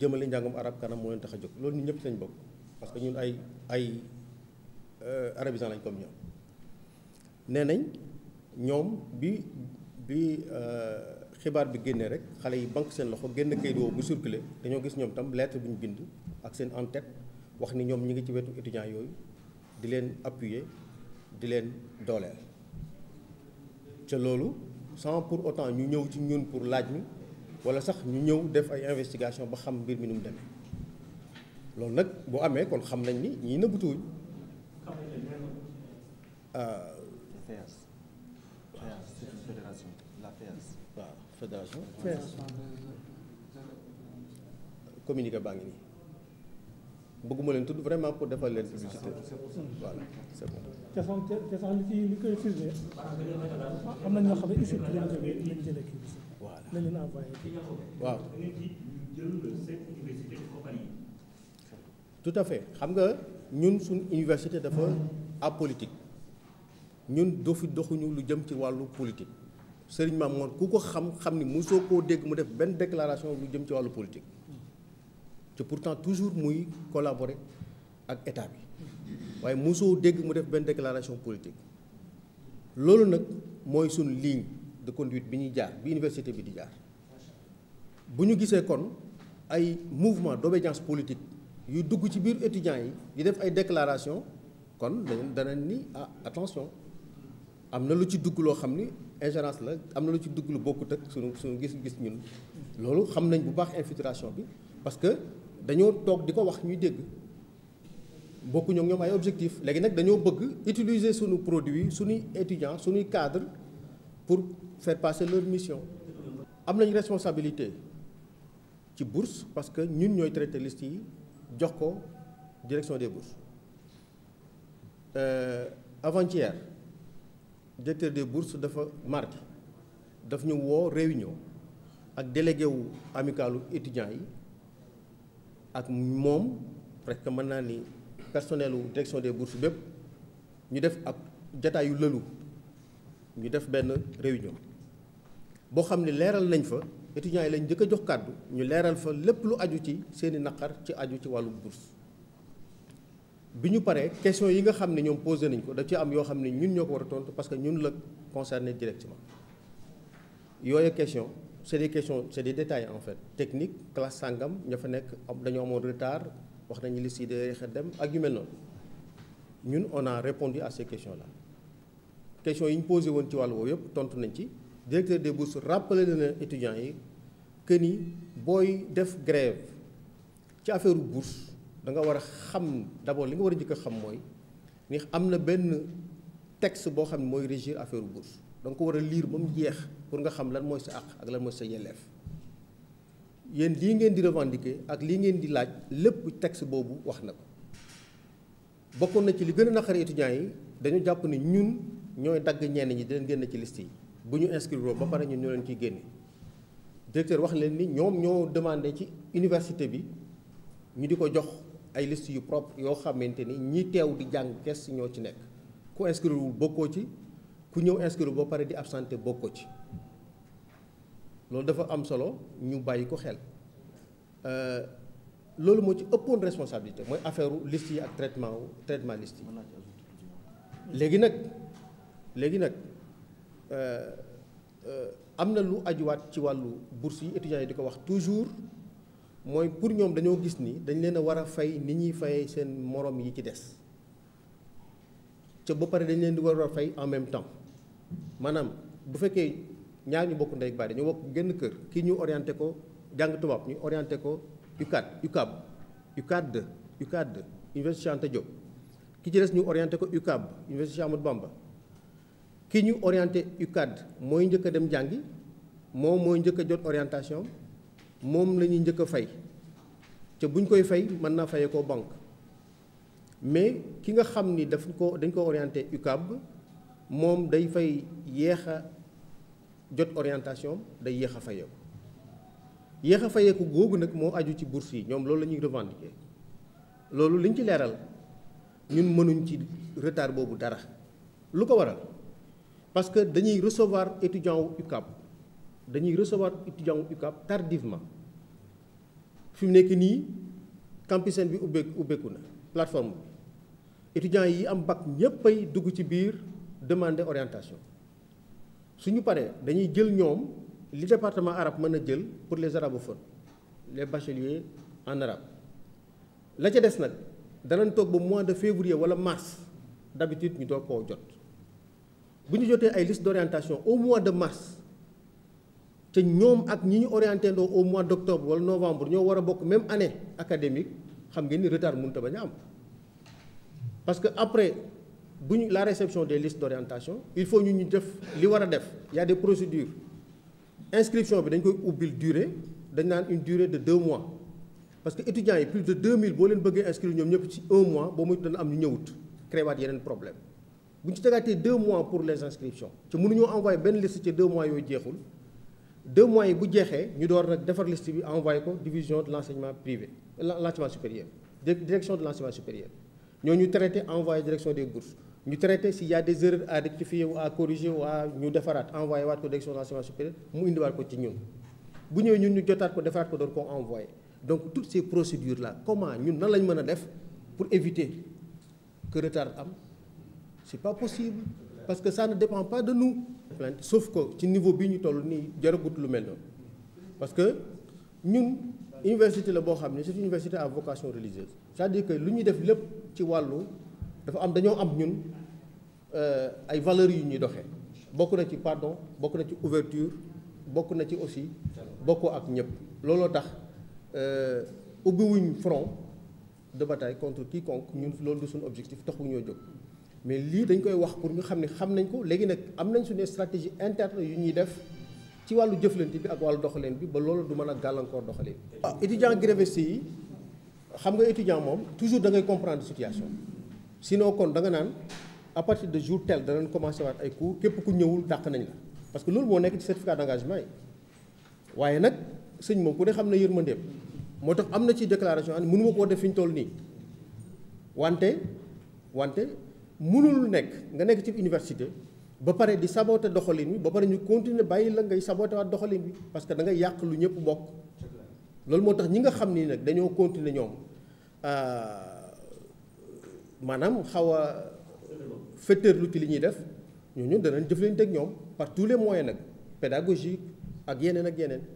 jëmale njàngum arab kanam moo leen tax a jóg loolu ñun ñëpp ci lañ bokk parce que ñun ay ay euh, arabisan lañ comme ñoom nee nañ ñoom bi bi euh, xibaar bi génnee rek xale yi banque seen loxo génn kayit woowu bu circulé dañoo gis ñoom tam lettre bi ñu bind ak seen en wax ni ñoom ñi ngi ci wetu étudiants yooyu di leen appuyer di leen dooleel ca loolu sans pour autant ñu ñëw ci ñun pour laaj ñu wala sax ñu ñëw def ay investigation ba xam mbir mi nu mu demee loolu nag boo amee kon xam nañ ni ñii nëbbutuwuñ waaw euh, fédération communiqué baa ngi nii bëgguma leen tudd vraiment pour defal leen publicité voilà c'est bon. te sax te sax li ci li koy firnde am na ñoo xam ne isib lañ jëlee kii voilà la envoyé. waaw tout à fait xam nga ñun suñ université dafa apolitique ñun dofi doxuñu lu jëm ci wàllu politique sëriñ Maam Mor ku ko xam xam ni mosoo koo dégg mu def benn déclaration lu jëm ci wàllu politique te pourtant toujours muy collaborer ak état bi waaye mosoo dégg mu def benn déclaration politique loolu nag mooy suñ ligne. de conduite bi ñuy jaar bi université bi di jaar bu ñu gisee kon ay mouvement d'obédience politique yu dugg ci biir étudiants yi di def ay déclaration kon dañ danañ ni ah attention am na lu ci dugg loo xam ni ingérence la am na lu ci dugg lu bokkut ak suñu suñu gis-gis ñun loolu xam nañ bu baax infiltration bi parce que dañoo toog di ko wax ñuy dégg bokkuñu ñoom ay objectif léegi nag dañoo bëgg utiliser sunu produit suñuy étudiants suñuy cadre pour faire passer leur mission am nañ responsabilité ci bourse parce que ñun ñooy traité liste yi jox ko direction des bourses euh, avant-hier directeur des bourses dafa mardi daf ñu woo réunion ak délégué wu amicalu étudiants yi ak moom presque mën naa ni personnel wu direction des bourses bépp ñu def ak jataayu lëlu ñu def benn réunion boo xam ne leeral nañ fa étudiants yi lañ njëkk jox kàddu ñu leeral fa lépp lu aju ci seeni naqar ci aju ci wàllu bourse bi ñu paree question yi nga xam ne ñoom posé nañ ko da ci am yoo xam ne ñun ñoo ko war a tontu parce que ñun la concerné directement yooyu question c'est des question c'est des détails en fait technique classe sàngam ña fa nekk dañoo amoon retard wax nañu liste yi day dem ak yu mel noonu ñun on a répondu à ces questions question yi ñu posé woon ci wàll woowu yëpp tontu nañ ci directeur des bourses rappelé na étudiants yi que ni booy def grève ci affaire bourse da nga war a xam d'abord li nga war a jëkk a xam mooy ni am na benn texte boo xam ne mooy régir affaire bourse da ko war a lire ba mu jeex pour nga xam lan mooy sa àq ak lan mooy sa yelleef yéen lii ngeen di revendiquer ak lii ngeen di laaj lépp texte boobu wax na ko bokkoon na ci li gën a naqari étudiants yi dañu jàpp ñooy dagg ñenn ñi di leen génn ci liste yi bu ñu inscrire ba pare ñun ñoo leen ciy génne directeur wax leen ni ñoom ñoo demande ci université bi ñu di ko jox ay liste yu propre yoo xamante ni ñi teew di jàng kes ñoo ci nekk ku inscrire wul bokkoo ci ku ñëw inscrire ba pare di absenté bokkoo ci loolu dafa am solo ñu bàyyi ko xel euh, loolu moo ci ëppoon responsabilité mooy affaire liste yi ak traitement traitement liste yi léegi nag. léegi nag euh, euh, am na lu ajuwaat ci wàllu bourse yi étudiants yi di ko wax toujours mooy pour ñoom dañoo gis ni dañ leen a war a fay ni ñuy fayee seen morom yi ci des ca ba pare dañ leen di war a fay en même temps maanaam bu fekkee ñaar ñu bokk ndey baay dañoo bokk génn kër kii ñu orienté ko jàng tubaab ñu orienté ko UCAD UCAB UCAD 2 UCAD 2 Université Cheikh Anta Diop ki ci des ñu orienté ko UCAB Université Cheikh Amadou Bamba ki ñu orienté UCAD mooy njëkk a dem jàngi moom mooy njëkk a jot orientation moom la ñuy njëkk a fay te bu ñu koy fay mën naa fayee ko banque mais ki nga xam ni daf ko dañ ko orienté UCAB moom day fay yéex a jot orientation day yéex a fayee ko yéex a fayee ko googu nag moo aju ci bourse yi ñoom loolu la ñuy revendiquer loolu liñ ci leeral ñun mënuñ ci retard boobu dara lu ko waral. parce que dañuy recevoir étudiant wu UCAB dañuy recevoir étudiant wu UCAB tardivement fi mu nekk nii campusine bi ubbeeku ubbeeku na plateforme bi étudiants yi am bac ñëpp ay dugg ci biir demander orientation suñu paree dañuy jël ñoom li département arabe mën a jël pour les arabophones les bacheliers en arabe la ca des nag danañ toog ba mois de février wala mars d'habitude ñu doo koo jot bu ñu jotee ay liste d'orientation au mois de mars te ñoom ak ñi ñu orienté ndoo au mois d'octobre wala novembre ñoo war a bokk même année académique xam ngeen ni retard mënut a bañ a am parce que après bu ñu la réception de listes d'orientation il faut ñu ñu def li war a def yaa a des procédures inscription bi dañ koy ubbil durée dañ naan une durée de deux mois parce que étudiants yi plus de 2000 boo leen bëggee inscrire ñoom ñëpp ci un mois boo muy dana am ñu ñëwut créewaat yeneen problème bu ñu ci tegaatee deux mois pour les inscriptions ci mënuñoo envoyé benn liste ci deux mois jeexee ñu door nag defar liste bi envoyé ko division de l' enseignement privé l'enseignement supérieur direction de l' enseignement supérieur ñoo ñu traité envoyé direction des bourses ñu traité s'il y a des erreurs à rectifier ou à corriger ou ñu defaraat envoyé waat ko direction de l' enseignement supérieur mu indiwaat ko ci ñun bu ñëwee ñun ñu jotaat ko defaraat ko doon ko envoyé donc toutes ces procédures la comment ñun nan lañ mën a def pour éviter que retard am c'est pas possible parce que ça ne dépend pas de nous. plainte sauf que ci niveau bi ñu toll nii jaragut lu mel noonu parce que ñun université la boo xam ne c'est une université à vocation religieuse c'est-à-dire que lu ñu def lépp ci wàllu dafa am dañoo am ñun euh, ay valeurs yu ñuy doxee bokk na ci pardon bokk na ci ouverture bokk na ci aussi bokkoo ak ñëpp looloo tax euh, ubbiwuñ front de bataille contre quiconque ñun loolu du suñu objectif taxu ñoo jóg mais lii dañ koy wax pour nga xam ne xam nañ ko léegi nag am nañ suñu stratégie interne yu ñuy def ci wàllu jëflante bi ak wàllu doxaleen bi ba loolu du mën a gàllankoor doxalin bi. Ah, waaw étudiant grévistes yi xam nga étudiant moom toujours da ngay comprendre situation sinon kon da nga naan à partir de jour tel commencé waat ay cours képp ku ñëwul dàq nañ parce que loolu moo nekk ci certificat d'engagement yi waaye nag sëñ moom ku dee xam na yërmandeem moo tax am na ci déclaration am mënu ma koo def fi ñu nii wante wante. mënul nekk nga nekk ci université ba pare di saboter doxalin bi ba pare ñu continuer bàyyi la ngay saboter doxalin bi parce que da ngay yàq lu ñëpp bokk loolu moo tax ñi nga xam ni nag dañoo continuer ñoom euh, maanaam xaw a fetteerlu ci li ñuy def ñooñu jëf leen ak ñoom partout tous les moyens nag pédagogique ak yeneen ak yeneen.